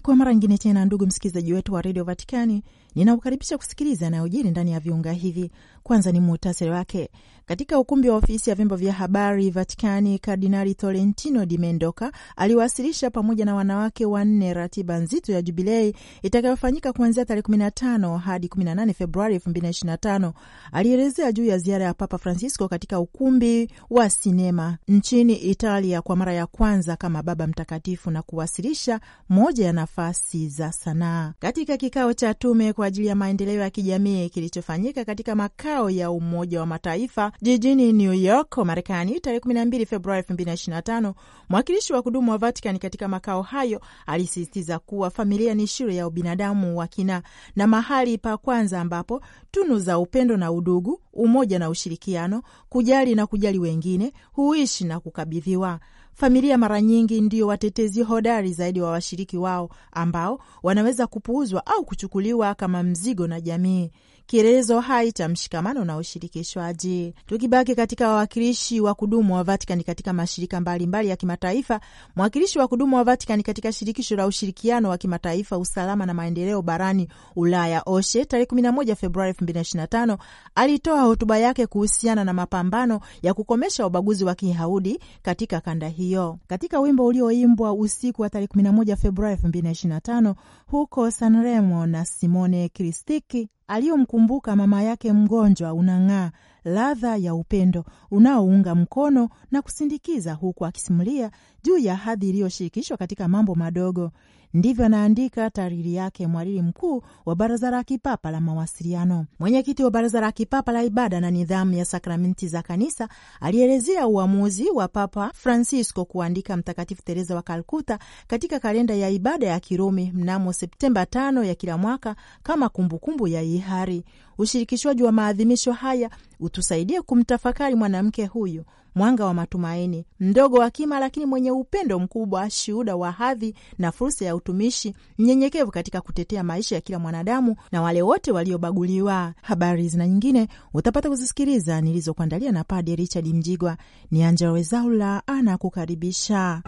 Ni kwa mara nyingine tena, ndugu msikilizaji wetu wa redio Vatikani, ninakukaribisha kusikiliza yanayojiri ndani ya viunga hivi. Kwanza ni muhtasari wake. Katika ukumbi wa ofisi ya vyombo vya habari Vatikani, Kardinali Tolentino Di Mendoka aliwasilisha pamoja na wanawake wanne ratiba nzito ya jubilei itakayofanyika kuanzia tarehe 15 hadi 18 Februari 2025. Alielezea juu ya ziara ya Papa Francisco katika ukumbi wa sinema nchini Italia kwa mara ya kwanza kama Baba Mtakatifu na kuwasilisha moja ya nafasi za sanaa. Katika kikao cha tume kwa ajili ya maendeleo ya kijamii kilichofanyika katika makao ya Umoja wa Mataifa jijini New York, Marekani, tarehe 12 Februari 2025, mwakilishi wa kudumu wa Vatican katika makao hayo alisisitiza kuwa familia ni shule ya ubinadamu wa kina na mahali pa kwanza ambapo tunu za upendo na udugu, umoja na ushirikiano, kujali na kujali wengine huishi na kukabidhiwa. Familia mara nyingi ndio watetezi hodari zaidi wa washiriki wao ambao wanaweza kupuuzwa au kuchukuliwa kama mzigo na jamii kielelezo hai cha mshikamano na ushirikishwaji. Tukibaki katika wawakilishi wa kudumu wa Vatikani katika mashirika mbalimbali mbali ya kimataifa, mwakilishi wa kudumu wa Vatikani katika shirikisho la ushirikiano wa kimataifa, usalama na maendeleo barani Ulaya, OSHE, tarehe 11 Februari 2025 alitoa hotuba yake kuhusiana na mapambano ya kukomesha ubaguzi wa Kiyahudi katika kanda hiyo, katika wimbo ulioimbwa usiku wa tarehe 11 Februari 2025 huko Sanremo na Simone Kristiki aliyomkumbuka mama yake mgonjwa unang'aa ladha ya upendo unaounga mkono na kusindikiza, huku akisimulia juu ya hadhi iliyoshirikishwa katika mambo madogo Ndivyo anaandika tariri yake mwalili mkuu wa Baraza la Kipapa la Mawasiliano. Mwenyekiti wa Baraza la Kipapa la Ibada na Nidhamu ya Sakramenti za Kanisa alielezea uamuzi wa Papa Francisco kuandika Mtakatifu Teresa wa Kalkuta katika kalenda ya ibada ya Kirumi mnamo Septemba tano ya kila mwaka kama kumbukumbu ya ihari. Ushirikishwaji wa maadhimisho haya utusaidie kumtafakari mwanamke huyu mwanga wa matumaini, mdogo wa kima, lakini mwenye upendo mkubwa, shuhuda wa hadhi na fursa ya utumishi, mnyenyekevu katika kutetea maisha ya kila mwanadamu na wale wote waliobaguliwa. Habari zina nyingine utapata kuzisikiliza nilizokuandalia na Padre Richard Mjigwa. Ni Angella Rwezaula anakukaribisha.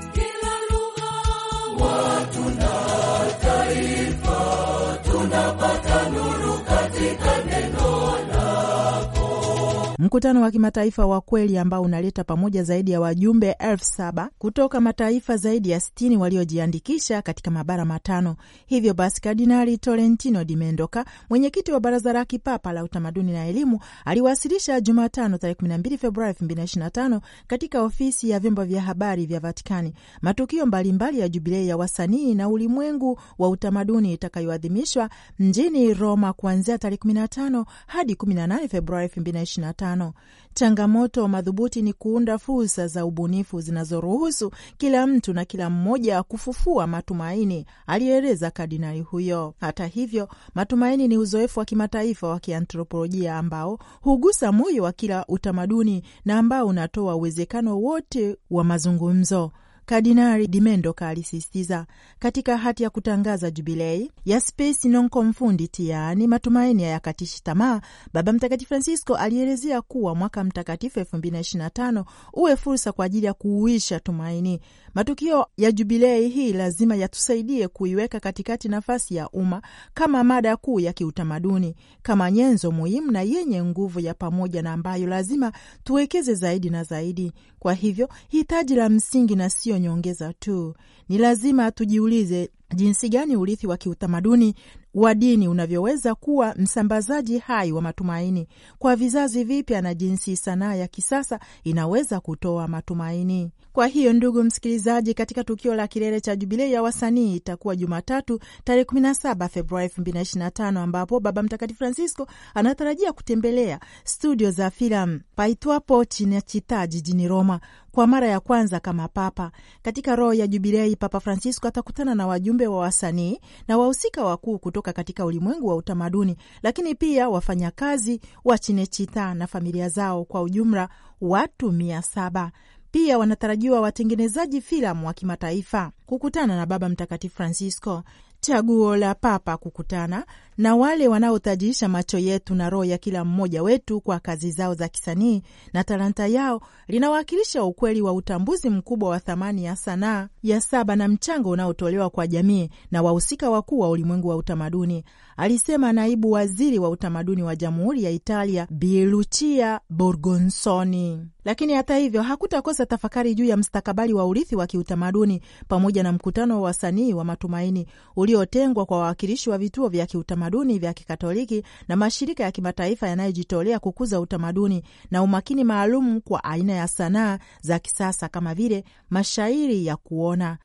mkutano wa kimataifa wa kweli ambao unaleta pamoja zaidi ya wajumbe elfu saba kutoka mataifa zaidi ya sitini waliojiandikisha katika mabara matano. Hivyo basi, Kardinali Tolentino Di Mendoka, mwenyekiti wa Baraza la Kipapa la Utamaduni na Elimu, aliwasilisha Jumatano tarehe 12 Februari 2025 katika ofisi ya vyombo vya habari vya Vatikani matukio mbalimbali ya Jubilei ya wasanii na ulimwengu wa utamaduni itakayoadhimishwa mjini Roma kuanzia tarehe 15 hadi 18 Februari 2025 mfano. Changamoto madhubuti ni kuunda fursa za ubunifu zinazoruhusu kila mtu na kila mmoja kufufua matumaini, alieleza kardinali huyo. Hata hivyo, matumaini ni uzoefu wa kimataifa wa kiantropolojia ambao hugusa moyo wa kila utamaduni na ambao unatoa uwezekano wote wa mazungumzo. Kardinari Dimendok alisisitiza katika hati ya kutangaza jubilei ya Spes non confundit, yaani matumaini hayakatishi tamaa. Baba Mtakatifu Francisco alielezea kuwa mwaka mtakatifu 2025 uwe fursa kwa ajili ya kuuisha tumaini Matukio ya jubilei hii lazima yatusaidie kuiweka katikati nafasi ya umma kama mada kuu ya kiutamaduni, kama nyenzo muhimu na yenye nguvu ya pamoja na ambayo lazima tuwekeze zaidi na zaidi. Kwa hivyo hitaji la msingi na siyo nyongeza tu, ni lazima tujiulize jinsi gani urithi wa kiutamaduni wa dini unavyoweza kuwa msambazaji hai wa matumaini kwa vizazi vipya na jinsi sanaa ya kisasa inaweza kutoa matumaini. Kwa hiyo, ndugu msikilizaji, katika tukio la kilele cha Jubilei ya wasanii itakuwa Jumatatu tarehe 17 Februari 2025 ambapo Baba Mtakatifu Francisco anatarajia kutembelea studio za filamu paitwapo chinachita jijini Roma kwa mara ya kwanza kama papa katika roho ya Jubilei, Papa Francisco atakutana na wajumbe wa wasanii na wahusika wakuu kutoka katika ulimwengu wa utamaduni, lakini pia wafanyakazi wa Chinechita na familia zao, kwa ujumla watu mia saba. Pia wanatarajiwa watengenezaji filamu wa kimataifa kukutana na Baba Mtakatifu Francisco. Chaguo la Papa kukutana na wale wanaotajirisha macho yetu na roho ya kila mmoja wetu kwa kazi zao za kisanii na talanta yao linawakilisha ukweli wa utambuzi mkubwa wa thamani ya sanaa ya saba na mchango unaotolewa kwa jamii na wahusika wakuu wa ulimwengu wa utamaduni, alisema naibu waziri wa utamaduni wa Jamhuri ya Italia Bi Lucia Borgonsoni. Lakini hata hivyo hakutakosa tafakari juu ya mstakabali wa urithi wa kiutamaduni pamoja na mkutano wa wasanii wa matumaini uliotengwa kwa wawakilishi wa vituo vya kiutamaduni utamaduni vya Kikatoliki na mashirika ya kimataifa yanayojitolea kukuza utamaduni na umakini maalum kwa aina ya sanaa za kisasa kama vile mashairi ya kuona.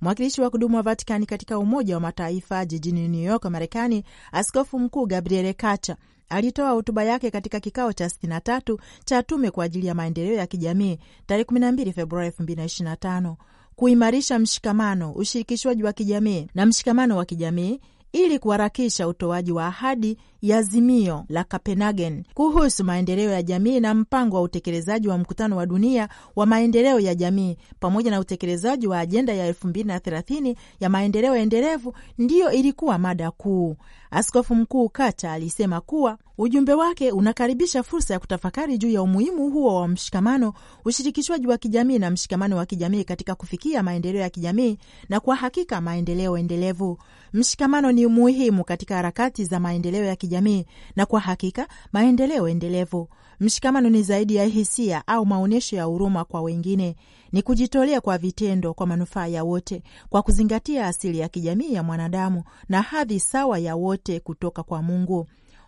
Mwakilishi wa kudumu wa Vatikani katika Umoja wa Mataifa jijini New York, Marekani, Askofu Mkuu Gabriele Kacha Alitoa hotuba yake katika kikao cha 63 cha tume kwa ajili ya maendeleo ya kijamii tarehe 12 Februari 2025 kuimarisha mshikamano, ushirikishwaji wa kijamii na mshikamano wa kijamii ili kuharakisha utoaji wa ahadi ya azimio la Copenhagen kuhusu maendeleo ya jamii na mpango wa utekelezaji wa mkutano wa dunia wa maendeleo ya jamii pamoja na utekelezaji wa ajenda ya 2030 ya maendeleo endelevu ndiyo ilikuwa mada kuu. Askofu Mkuu Kata alisema kuwa ujumbe wake unakaribisha fursa ya kutafakari juu ya umuhimu huo wa mshikamano, ushirikishwaji wa kijamii na mshikamano wa kijamii katika kufikia maendeleo ya kijamii na kwa hakika maendeleo endelevu. Mshikamano ni muhimu katika harakati za maendeleo ya kijamii na kwa hakika maendeleo endelevu. Mshikamano ni zaidi ya hisia au maonyesho ya huruma kwa wengine, ni kujitolea kwa vitendo kwa manufaa ya wote, kwa kuzingatia asili ya kijamii ya mwanadamu na hadhi sawa ya wote kutoka kwa Mungu.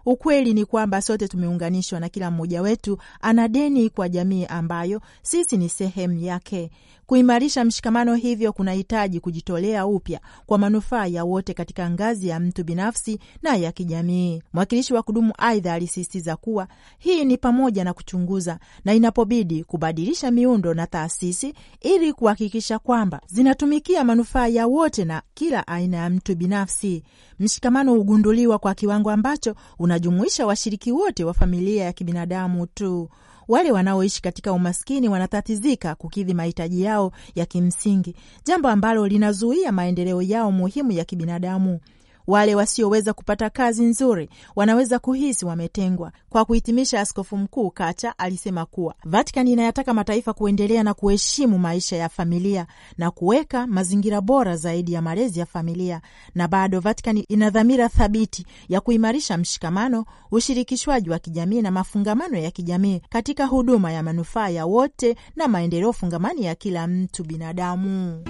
Ukweli ni kwamba sote tumeunganishwa na kila mmoja wetu ana deni kwa jamii ambayo sisi ni sehemu yake. Kuimarisha mshikamano hivyo kunahitaji kujitolea upya kwa manufaa ya wote katika ngazi ya mtu binafsi na ya kijamii. Mwakilishi wa kudumu aidha alisisitiza kuwa hii ni pamoja na kuchunguza na inapobidi kubadilisha miundo na taasisi ili kuhakikisha kwamba zinatumikia manufaa ya wote na kila aina ya mtu binafsi. Mshikamano hugunduliwa kwa kiwango ambacho unajumuisha washiriki wote wa familia ya kibinadamu tu. Wale wanaoishi katika umaskini wanatatizika kukidhi mahitaji yao ya kimsingi, jambo ambalo linazuia maendeleo yao muhimu ya kibinadamu. Wale wasioweza kupata kazi nzuri wanaweza kuhisi wametengwa. Kwa kuhitimisha, Askofu Mkuu Kacha alisema kuwa Vatikani inayataka mataifa kuendelea na kuheshimu maisha ya familia na kuweka mazingira bora zaidi ya malezi ya familia, na bado Vatikani ina dhamira thabiti ya kuimarisha mshikamano, ushirikishwaji wa kijamii na mafungamano ya kijamii katika huduma ya manufaa ya wote na maendeleo fungamani ya kila mtu binadamu.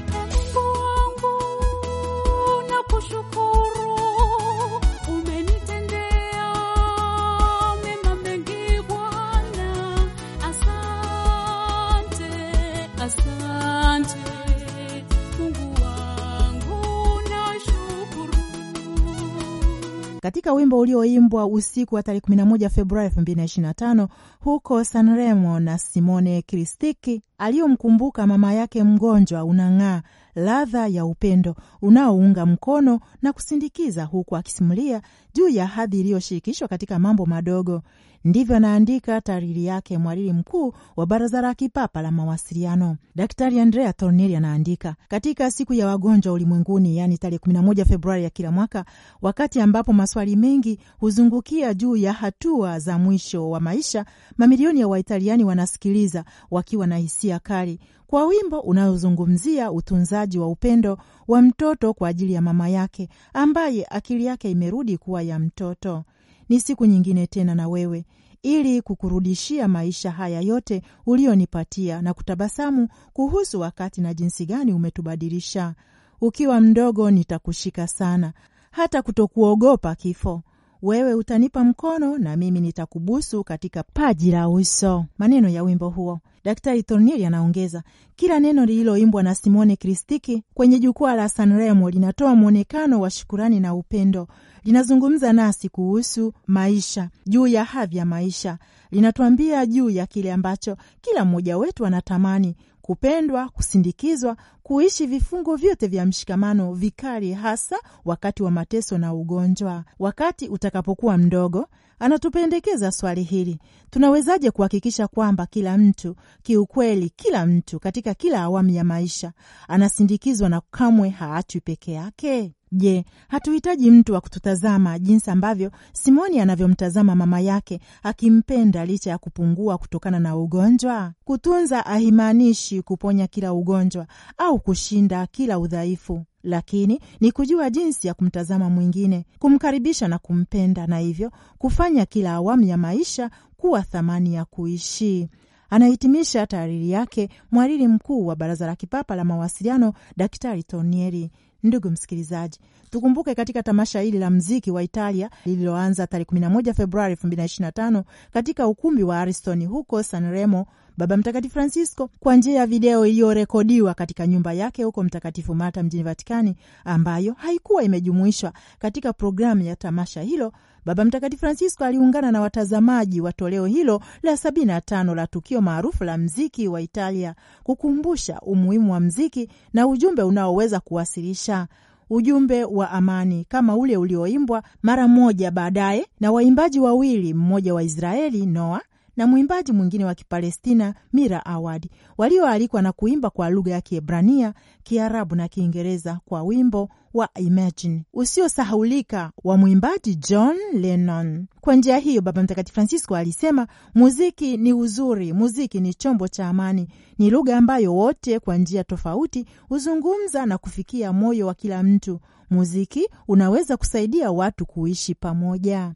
katika wimbo ulioimbwa usiku wa tarehe 11 Februari 2025 huko Sanremo na Simone Kristiki aliyomkumbuka mama yake mgonjwa unang'aa ladha ya upendo unaounga mkono na kusindikiza, huku akisimulia juu ya hadhi iliyoshirikishwa katika mambo madogo Ndivyo anaandika taariri yake mwalili mkuu wa Baraza la Kipapa la Mawasiliano, Daktari Andrea Tornelli anaandika: katika siku ya wagonjwa ulimwenguni, yaani tarehe 11 Februari ya kila mwaka, wakati ambapo maswali mengi huzungukia juu ya hatua za mwisho wa maisha, mamilioni ya Waitaliani wanasikiliza wakiwa na hisia kali kwa wimbo unaozungumzia utunzaji wa upendo wa mtoto kwa ajili ya mama yake ambaye akili yake imerudi kuwa ya mtoto ni siku nyingine tena na wewe, ili kukurudishia maisha haya yote ulionipatia na kutabasamu kuhusu wakati na jinsi gani umetubadilisha. Ukiwa mdogo nitakushika sana, hata kutokuogopa kifo wewe utanipa mkono na mimi nitakubusu katika paji la uso. Maneno ya wimbo huo Daktari Torniel anaongeza, kila neno lililoimbwa na Simone Kristiki kwenye jukwaa la Sanremo linatoa mwonekano wa shukurani na upendo, linazungumza nasi kuhusu maisha, juu ya hadhi ya maisha, linatuambia juu ya kile ambacho kila mmoja wetu anatamani kupendwa, kusindikizwa, kuishi vifungo vyote vya mshikamano vikali, hasa wakati wa mateso na ugonjwa. Wakati utakapokuwa mdogo anatupendekeza swali hili: tunawezaje kuhakikisha kwamba kila mtu kiukweli, kila mtu katika kila awamu ya maisha anasindikizwa na kamwe haachwi peke yake? Je, hatuhitaji mtu wa kututazama jinsi ambavyo Simoni anavyomtazama mama yake akimpenda licha ya kupungua kutokana na ugonjwa? Kutunza haimaanishi kuponya kila ugonjwa au kushinda kila udhaifu lakini ni kujua jinsi ya kumtazama mwingine, kumkaribisha na kumpenda, na hivyo kufanya kila awamu ya maisha kuwa thamani ya kuishi. Anahitimisha taariri yake mhariri mkuu wa Baraza la Kipapa la Mawasiliano, Daktari Tonieri. Ndugu msikilizaji, tukumbuke katika tamasha hili la mziki wa Italia lililoanza tarehe 11 Februari 2025 katika ukumbi wa Ariston huko Sanremo Baba Mtakatifu Francisco kwa njia ya video iliyorekodiwa katika nyumba yake huko Mtakatifu Marta mjini Vatikani, ambayo haikuwa imejumuishwa katika programu ya tamasha hilo. Baba Mtakatifu Francisco aliungana na watazamaji wa toleo hilo la 75 la tukio maarufu la mziki wa Italia kukumbusha umuhimu wa mziki na ujumbe unaoweza kuwasilisha ujumbe wa amani kama ule ulioimbwa mara moja baadaye na waimbaji wawili, mmoja wa Israeli Noa na mwimbaji mwingine wa Kipalestina Mira Awad walioalikwa na kuimba kwa lugha ya Kiebrania, Kiarabu na Kiingereza kwa wimbo wa Imagine usiosahaulika wa mwimbaji John Lennon. Kwa njia hiyo, Baba Mtakatifu Francisco alisema muziki ni uzuri, muziki ni chombo cha amani, ni lugha ambayo wote kwa njia tofauti huzungumza na kufikia moyo wa kila mtu. Muziki unaweza kusaidia watu kuishi pamoja.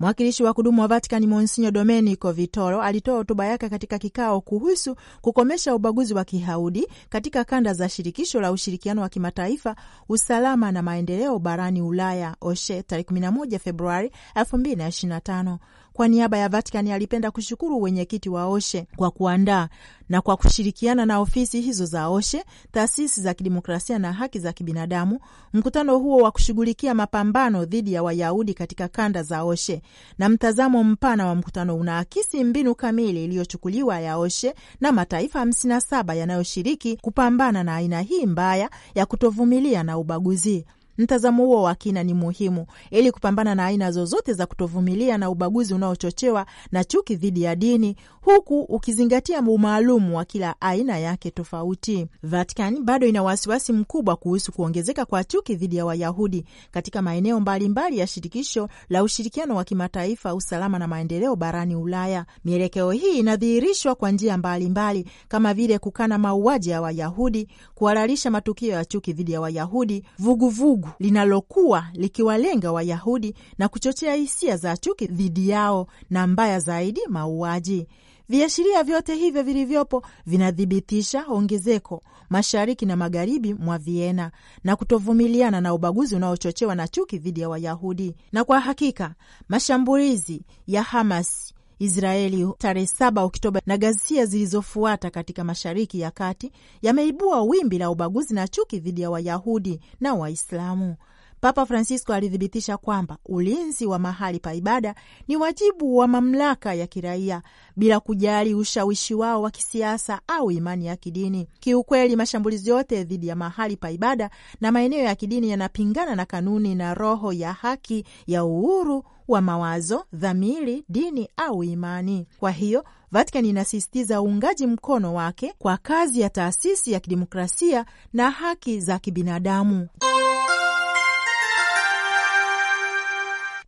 Mwakilishi wa kudumu wa Vatikani Monsinyo Domenico Vitoro alitoa hotuba yake katika kikao kuhusu kukomesha ubaguzi wa kihaudi katika kanda za shirikisho la ushirikiano wa kimataifa, usalama na maendeleo barani Ulaya, OSHE, tarehe 11 Februari 2025 kwa niaba ya Vatikani alipenda kushukuru wenyekiti wa OSHE kwa kuandaa na kwa kushirikiana na ofisi hizo za OSHE, taasisi za kidemokrasia na haki za kibinadamu, mkutano huo wa kushughulikia mapambano dhidi ya Wayahudi katika kanda za OSHE. Na mtazamo mpana wa mkutano unaakisi mbinu kamili iliyochukuliwa ya OSHE na mataifa 57 yanayoshiriki kupambana na aina hii mbaya ya kutovumilia na ubaguzi. Mtazamo huo wa kina ni muhimu ili kupambana na aina zozote za kutovumilia na ubaguzi unaochochewa na chuki dhidi ya dini, huku ukizingatia umaalumu wa kila aina yake tofauti. Vatican bado ina wasiwasi mkubwa kuhusu kuongezeka kwa chuki dhidi ya Wayahudi katika maeneo mbalimbali ya shirikisho la ushirikiano wa kimataifa, usalama na maendeleo barani Ulaya. Mielekeo hii inadhihirishwa kwa njia mbalimbali kama vile kukana mauaji ya Wayahudi, kuhalalisha matukio ya chuki dhidi ya Wayahudi, vuguvugu linalokuwa likiwalenga Wayahudi na kuchochea hisia za chuki dhidi yao na mbaya zaidi, mauaji. Viashiria vyote hivyo vilivyopo vinathibitisha ongezeko mashariki na magharibi mwa Viena na kutovumiliana na ubaguzi unaochochewa na chuki dhidi ya Wayahudi. Na kwa hakika mashambulizi ya Hamas Israeli tarehe 7 Oktoba na ghasia zilizofuata katika Mashariki ya Kati yameibua wimbi la ubaguzi na chuki dhidi ya Wayahudi na Waislamu. Papa Francisco alithibitisha kwamba ulinzi wa mahali pa ibada ni wajibu wa mamlaka ya kiraia bila kujali ushawishi wao wa kisiasa au imani ya kidini. Kiukweli, mashambulizi yote dhidi ya mahali pa ibada na maeneo ya kidini yanapingana na kanuni na roho ya haki ya uhuru wa mawazo, dhamiri, dini au imani. Kwa hiyo Vatican inasisitiza uungaji mkono wake kwa kazi ya taasisi ya kidemokrasia na haki za kibinadamu.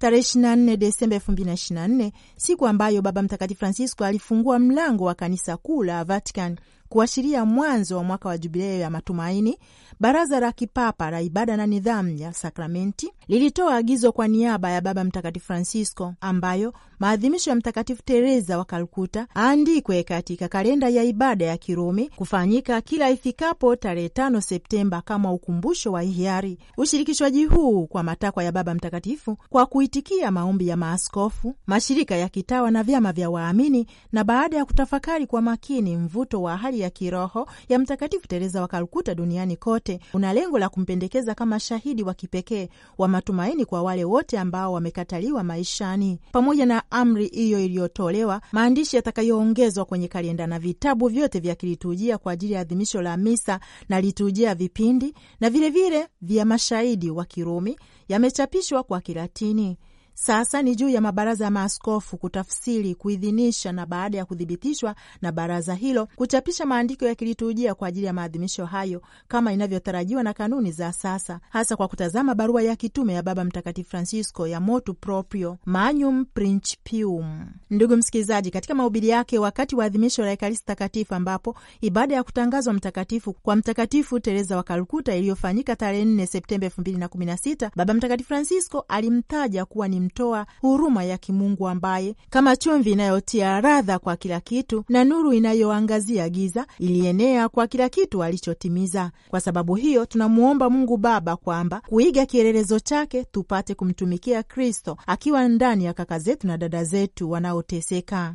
tarehe 24 Desemba 2024, siku ambayo Baba Mtakatifu Francisco alifungua mlango wa kanisa kuu la Vatican kuashiria mwanzo wa mwaka wa jubilei ya matumaini, Baraza la Kipapa la Ibada na Nidhamu ya Sakramenti lilitoa agizo kwa niaba ya Baba Mtakatifu Francisco ambayo maadhimisho ya Mtakatifu Teresa wa Kalkuta aandikwe katika kalenda ya ibada ya Kirumi kufanyika kila ifikapo tarehe tano Septemba kama ukumbusho wa hiari. Ushirikishwaji huu kwa matakwa ya Baba Mtakatifu kwa kuitikia maombi ya maaskofu, mashirika ya kitawa na vyama vya waamini, na baada ya kutafakari kwa makini mvuto wa hali ya kiroho ya Mtakatifu tereza wa Kalkuta duniani kote una lengo la kumpendekeza kama shahidi wa kipekee wa matumaini kwa wale wote ambao wamekataliwa maishani. Pamoja na amri hiyo iliyotolewa, maandishi yatakayoongezwa kwenye kalenda na vitabu vyote vya kiliturujia kwa ajili ya adhimisho la misa na liturujia vipindi na vilevile vya mashahidi wa Kirumi yamechapishwa kwa Kilatini. Sasa ni juu ya mabaraza ya maaskofu kutafsiri, kuidhinisha na baada ya kuthibitishwa na baraza hilo kuchapisha maandiko ya kiliturujia kwa ajili ya maadhimisho hayo kama inavyotarajiwa na kanuni za sasa, hasa kwa kutazama barua ya kitume ya Baba Mtakatifu Francisco ya Motu Proprio Magnum Principium. Ndugu msikilizaji, katika mahubiri yake wakati wa adhimisho la Ekaristi Takatifu ambapo ibada ya kutangazwa mtakatifu kwa Mtakatifu tereza wa Kalkuta iliyofanyika tarehe 4 Septemba 2016 Baba Mtakatifu Francisco alimtaja kuwa ni akimtoa huruma ya kimungu ambaye kama chumvi inayotia radha kwa kila kitu na nuru inayoangazia giza ilienea kwa kila kitu alichotimiza. Kwa sababu hiyo tunamwomba Mungu Baba kwamba kuiga kielelezo chake tupate kumtumikia Kristo akiwa ndani ya kaka zetu na dada zetu wanaoteseka.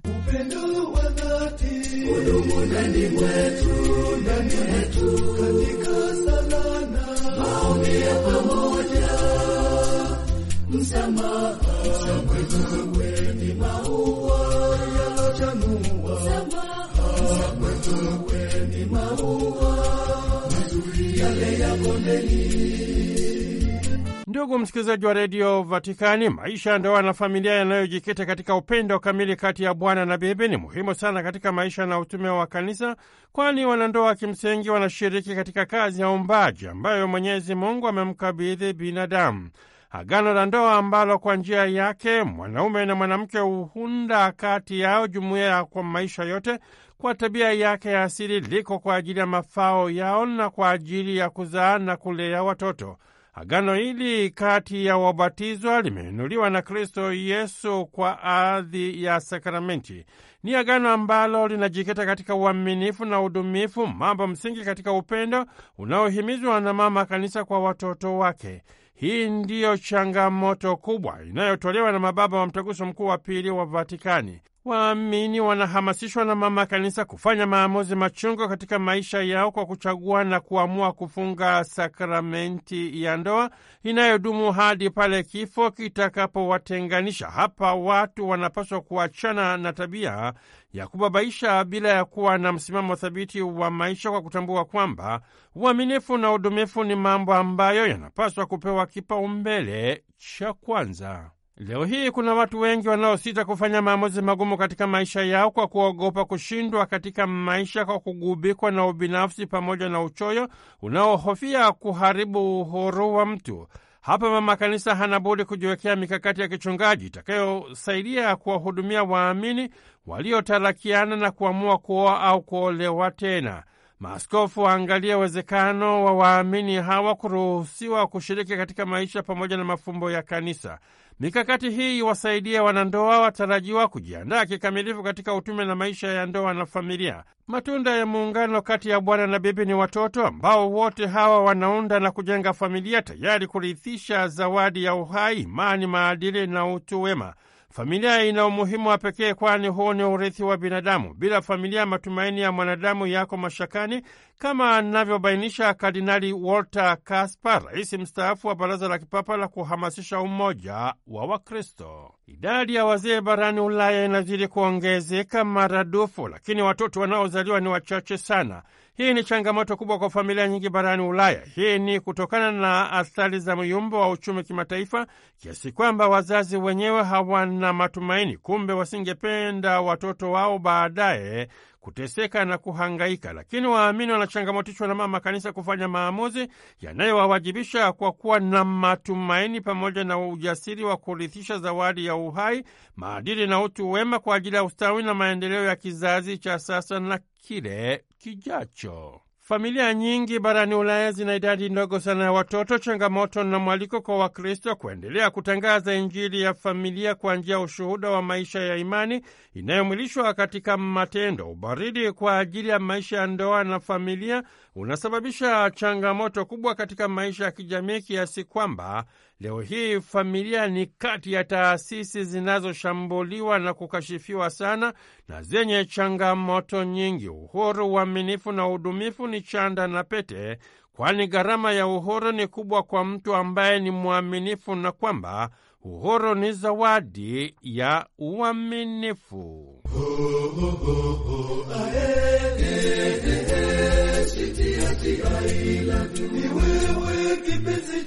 Ndugu msikilizaji wa redio Vatikani, maisha ya ndoa na familia yanayojikita katika upendo kamili kati ya bwana na bibi ni muhimu sana katika maisha na utume wa kanisa, kwani wanandoa kimsingi wanashiriki katika kazi ya umbaji ambayo Mwenyezi Mungu amemkabidhi binadamu agano la ndoa ambalo kwa njia yake mwanaume na mwanamke huunda kati yao jumuiya kwa maisha yote, kwa tabia yake ya asili, liko kwa ajili ya mafao yao na kwa ajili ya kuzaa na kulea watoto. Agano hili kati ya wabatizwa limeinuliwa na Kristo Yesu kwa adhi ya sakramenti. Ni agano ambalo linajikita katika uaminifu na udumifu, mambo msingi katika upendo unaohimizwa na Mama Kanisa kwa watoto wake. Hii ndiyo changamoto kubwa inayotolewa na mababa wa mtaguso mkuu wa pili wa Vatikani. Waamini wanahamasishwa na mama kanisa kufanya maamuzi machungu katika maisha yao kwa kuchagua na kuamua kufunga sakramenti ya ndoa inayodumu hadi pale kifo kitakapowatenganisha. Hapa watu wanapaswa kuachana na tabia ya kubabaisha bila ya kuwa na msimamo thabiti wa maisha, kwa kutambua kwamba uaminifu na udumifu ni mambo ambayo yanapaswa kupewa kipaumbele cha kwanza. Leo hii kuna watu wengi wanaosita kufanya maamuzi magumu katika maisha yao kwa kuogopa kushindwa katika maisha, kwa kugubikwa na ubinafsi pamoja na uchoyo unaohofia kuharibu uhuru wa mtu. Hapa mama kanisa hana budi kujiwekea mikakati ya kichungaji itakayosaidia kuwahudumia waamini waliotarakiana na kuamua kuoa au kuolewa tena. Maaskofu waangalie uwezekano wa waamini hawa kuruhusiwa kushiriki katika maisha pamoja na mafumbo ya kanisa. Mikakati hii iwasaidia wanandoa watarajiwa kujiandaa kikamilifu katika utume na maisha ya ndoa na familia. Matunda ya muungano kati ya bwana na bibi ni watoto ambao wote hawa wanaunda na kujenga familia, tayari kurithisha zawadi ya uhai, imani, maadili na utu wema. Familia ina umuhimu wa pekee, kwani huu ni urithi wa binadamu. Bila familia, matumaini ya mwanadamu yako mashakani, kama anavyobainisha Kardinali Walter Kaspar, rais mstaafu wa Baraza la Kipapa la kuhamasisha umoja wa Wakristo. Idadi ya wazee barani Ulaya inazidi kuongezeka maradufu, lakini watoto wanaozaliwa ni wachache sana. Hii ni changamoto kubwa kwa familia nyingi barani Ulaya. Hii ni kutokana na athari za myumbo wa uchumi kimataifa, kiasi kwamba wazazi wenyewe hawana matumaini. Kumbe wasingependa watoto wao baadaye kuteseka na kuhangaika. Lakini waamini wanachangamotishwa na mama kanisa kufanya maamuzi yanayowawajibisha kwa kuwa na matumaini pamoja na ujasiri wa kurithisha zawadi ya uhai, maadili na utu wema kwa ajili ya ustawi na maendeleo ya kizazi cha sasa na kile kijacho. Familia nyingi barani Ulaya zina idadi ndogo sana ya watoto, changamoto na mwaliko kwa Wakristo kuendelea kutangaza Injili ya familia kwa njia ya ushuhuda wa maisha ya imani inayomwilishwa katika matendo. Ubaridi kwa ajili ya maisha ya ndoa na familia unasababisha changamoto kubwa katika maisha ya kijamii kiasi kwamba Leo hii familia ni kati ya taasisi zinazoshambuliwa na kukashifiwa sana na zenye changamoto nyingi. Uhuru, uaminifu na udumifu ni chanda na pete, kwani gharama ya uhuru ni kubwa kwa mtu ambaye ni mwaminifu, na kwamba uhuru ni zawadi ya uaminifu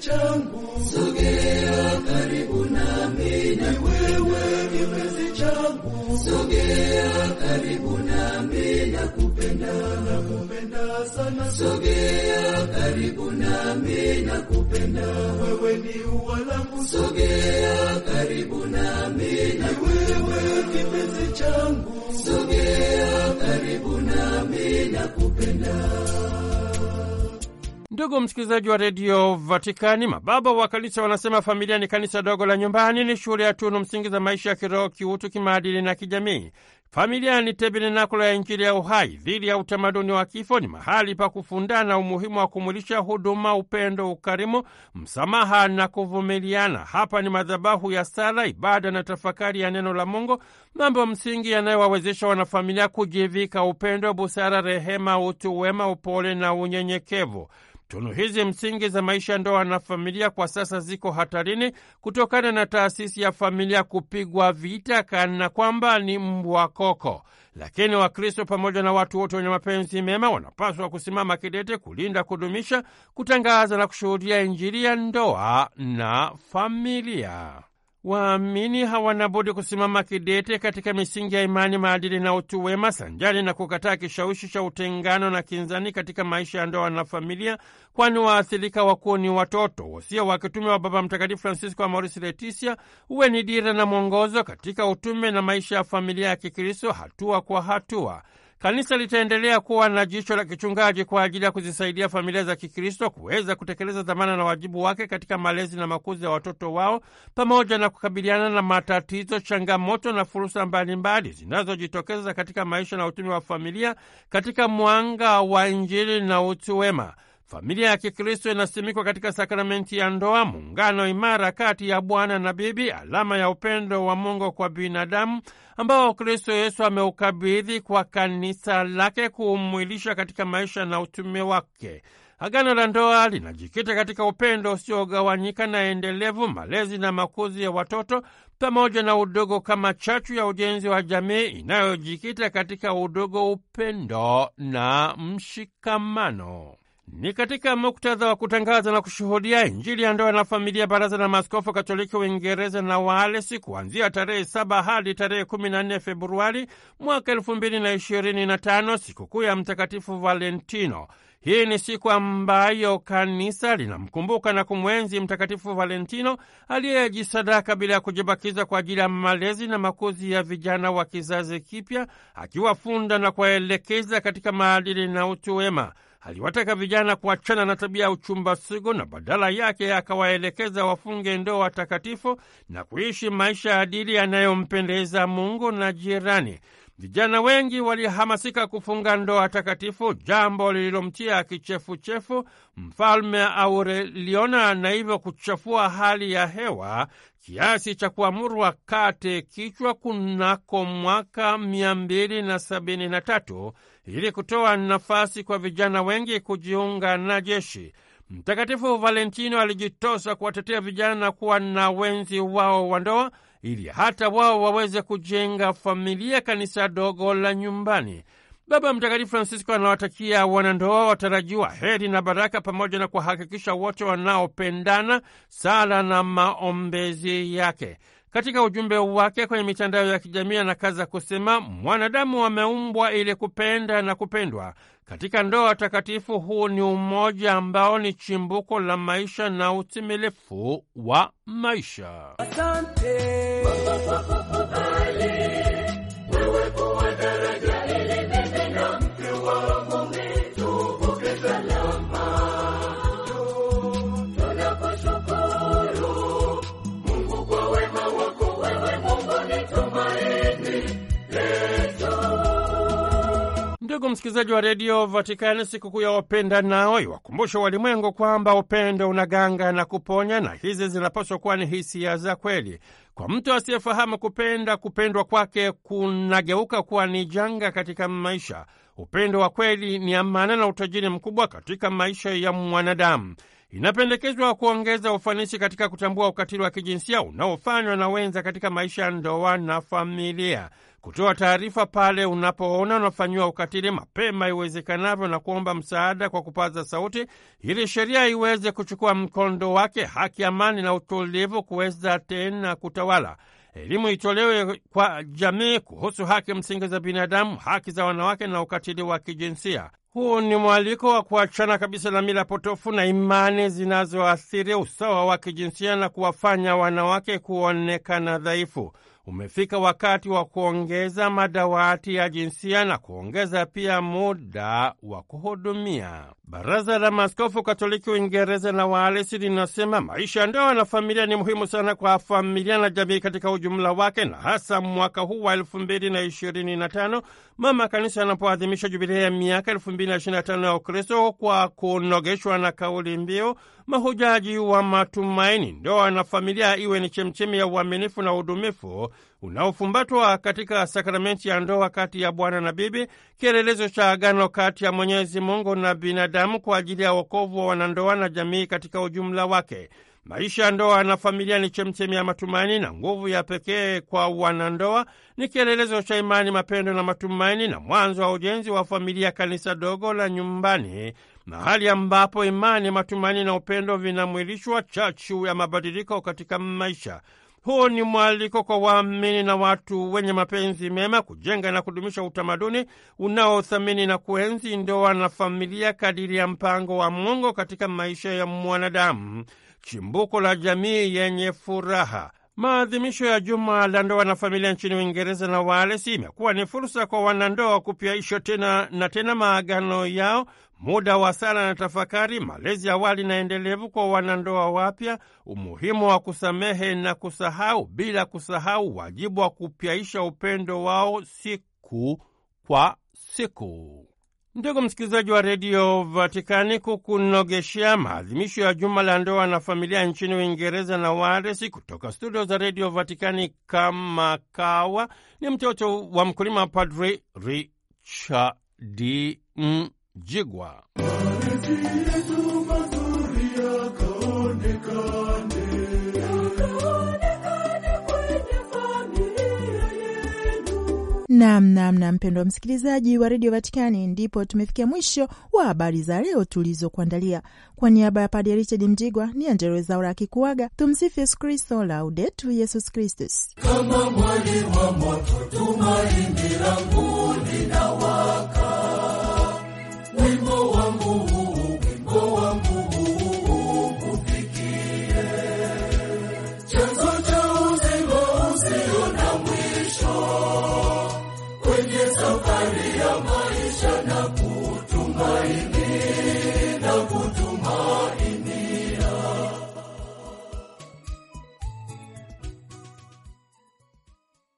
changu, sogea karibu nami, ni wewe kipenzi changu, sogea karibu nami, nakupenda, nakupenda sana, sogea karibu nami, nakupenda, wewe ni ua langu, sogea karibu nami, ni wewe kipenzi changu, sogea karibu nami, nakupenda Ndugu msikilizaji wa redio Vatikani, mababa wa kanisa wanasema familia ni kanisa dogo la nyumbani, ni shule ya tunu msingi za maisha ya kiroho, kiutu, kimaadili na kijamii. Familia ni tabernakulo ya Injili ya uhai dhidi ya utamaduni wa kifo. Ni mahali pa kufundana umuhimu wa kumulisha huduma, upendo, ukarimu, msamaha na kuvumiliana. Hapa ni madhabahu ya sala, ibada na tafakari ya neno la Mungu, mambo msingi yanayowawezesha wanafamilia kujivika upendo, busara, rehema, utu wema, upole na unyenyekevu. Tunu hizi msingi za maisha, ndoa na familia, kwa sasa ziko hatarini kutokana na taasisi ya familia kupigwa vita kana kwamba ni mbwa koko. Lakini Wakristo pamoja na watu wote wenye mapenzi mema wanapaswa kusimama kidete kulinda, kudumisha, kutangaza na kushuhudia Injili ya ndoa na familia waamini hawana budi kusimama kidete katika misingi ya imani, maadili na utu wema, sanjari na kukataa kishawishi cha utengano na kinzani katika maisha ya ndoa na familia, kwani waathirika wakuu ni watoto. Wosia wa kitume wa Baba Mtakatifu Francisco Amoris Laetitia uwe ni dira na mwongozo katika utume na maisha ya familia ya Kikristo, hatua kwa hatua. Kanisa litaendelea kuwa na jicho la kichungaji kwa ajili ya kuzisaidia familia za Kikristo kuweza kutekeleza dhamana na wajibu wake katika malezi na makuzi ya watoto wao pamoja na kukabiliana na matatizo, changamoto na fursa mbalimbali zinazojitokeza katika maisha na utumi wa familia katika mwanga wa Injili na utu wema. Familia ya Kikristo inasimikwa katika sakramenti ya ndoa, muungano imara kati ya bwana na bibi, alama ya upendo wa Mungu kwa binadamu, ambao Kristo Yesu ameukabidhi kwa kanisa lake kuumwilisha katika maisha na utume wake. Agano la ndoa linajikita katika upendo usiogawanyika na endelevu, malezi na makuzi ya watoto, pamoja na udogo kama chachu ya ujenzi wa jamii inayojikita katika udogo, upendo na mshikamano. Ni katika muktadha wa kutangaza na kushuhudia Injili ya ndoa na familia, Baraza la Maaskofu Katoliki Uingereza na Waalesi kuanzia tarehe saba hadi tarehe kumi na nne Februari mwaka elfu mbili na ishirini na tano sikukuu ya Mtakatifu Valentino. Hii ni siku ambayo kanisa linamkumbuka na kumwenzi Mtakatifu Valentino aliyejisadaka bila ya kujibakiza kwa ajili ya malezi na makuzi ya vijana wa kizazi kipya, akiwafunda na kuwaelekeza katika maadili na utu wema aliwataka vijana kuachana na tabia ya uchumba sigo na badala yake akawaelekeza wafunge ndoa takatifu na kuishi maisha adili yanayompendeza Mungu na jirani. Vijana wengi walihamasika kufunga ndoa takatifu, jambo lililomtia kichefuchefu mfalme Aureliona na hivyo kuchafua hali ya hewa kiasi cha kuamuru akate kichwa kunako mwaka 273 ili kutoa nafasi kwa vijana wengi kujiunga na jeshi. Mtakatifu Valentino alijitosa kuwatetea vijana kuwa na wenzi wao wa ndoa ili hata wao waweze kujenga familia, kanisa dogo la nyumbani. Baba Mtakatifu Francisco anawatakia wanandoa watarajiwa heri na baraka, pamoja na kuhakikisha wote wanaopendana, sala na maombezi yake. Katika ujumbe wake kwenye mitandao ya kijamii anakaza kusema, mwanadamu ameumbwa ili kupenda na kupendwa. Katika ndoa takatifu, huu ni umoja ambao ni chimbuko la maisha na utimilifu wa maisha. Asante. Ndugu msikilizaji wa redio Vatikani, sikukuu ya wapenda nao iwakumbusha walimwengu kwamba upendo unaganga na kuponya, na hizi zinapaswa kuwa ni hisia za kweli. Kwa mtu asiyefahamu kupenda, kupendwa kwake kunageuka kuwa ni janga katika maisha. Upendo wa kweli ni amana na utajiri mkubwa katika maisha ya mwanadamu. Inapendekezwa kuongeza ufanisi katika kutambua ukatili wa kijinsia unaofanywa na wenza katika maisha ya ndoa na familia, kutoa taarifa pale unapoona unafanyiwa ukatili mapema iwezekanavyo, na kuomba msaada kwa kupaza sauti, ili sheria iweze kuchukua mkondo wake, haki, amani na utulivu kuweza tena kutawala elimu itolewe kwa jamii kuhusu haki msingi za binadamu, haki za wanawake na ukatili wa kijinsia. Huu ni mwaliko wa kuachana kabisa na mila potofu na imani zinazoathiri usawa wa kijinsia na kuwafanya wanawake kuonekana dhaifu umefika wakati wa kuongeza madawati ya jinsia na kuongeza pia muda wa kuhudumia. Baraza la Maskofu Katoliki Uingereza na waalisi linasema maisha ya ndoa na familia ni muhimu sana kwa familia na jamii katika ujumla wake, na hasa mwaka huu wa elfu mbili na ishirini na tano mama kanisa anapoadhimisha jubilia ya miaka elfu mbili na ishirini na tano ya Ukristo kwa kunogeshwa na kauli mbiu mahujaji wa matumaini. Ndoa na familia iwe ni chemchemi ya uaminifu na udumifu unaofumbatwa katika sakramenti ya ndoa kati ya bwana na bibi, kielelezo cha agano kati ya Mwenyezi Mungu na binadamu kwa ajili ya wokovu wa wanandoa na jamii katika ujumla wake. Maisha ya ndoa na familia ni chemchemi ya matumaini na nguvu ya pekee kwa wanandoa. Ni kielelezo cha imani, mapendo na matumaini, na mwanzo wa ujenzi wa familia, kanisa dogo la nyumbani mahali ambapo imani, matumaini na upendo vinamwilishwa chachu ya mabadiliko katika maisha. Huu ni mwaliko kwa waamini na watu wenye mapenzi mema kujenga na kudumisha utamaduni unaothamini na kuenzi ndoa na familia kadiri ya mpango wa Mungu katika maisha ya mwanadamu, chimbuko la jamii yenye furaha. Maadhimisho ya juma la ndoa na familia nchini Uingereza na walesi imekuwa ni fursa kwa wanandoa kupyaisha tena na tena maagano yao muda wa sala na tafakari, malezi awali na endelevu kwa wanandoa wapya, umuhimu wa kusamehe na kusahau, bila kusahau wajibu wa kupyaisha upendo wao siku kwa siku. Ndugu msikilizaji wa redio Vatikani, kukunogeshea maadhimisho ya juma la ndoa na familia nchini Uingereza na Waresi kutoka studio za redio Vatikani kama kawa, ni mtoto wa mkulima Padri Richard Jigwa. Namnamna mpendwa msikilizaji wa redio Vatikani, ndipo tumefikia mwisho wa habari za leo tulizokuandalia. Kwa, niaba ya Padre Richard Mjigwa ni Anjerowezaura akikuaga. Tumsifu Yesu Kristo, laudetu Yesus Kristus. Kama mwali wa moto tumaini langu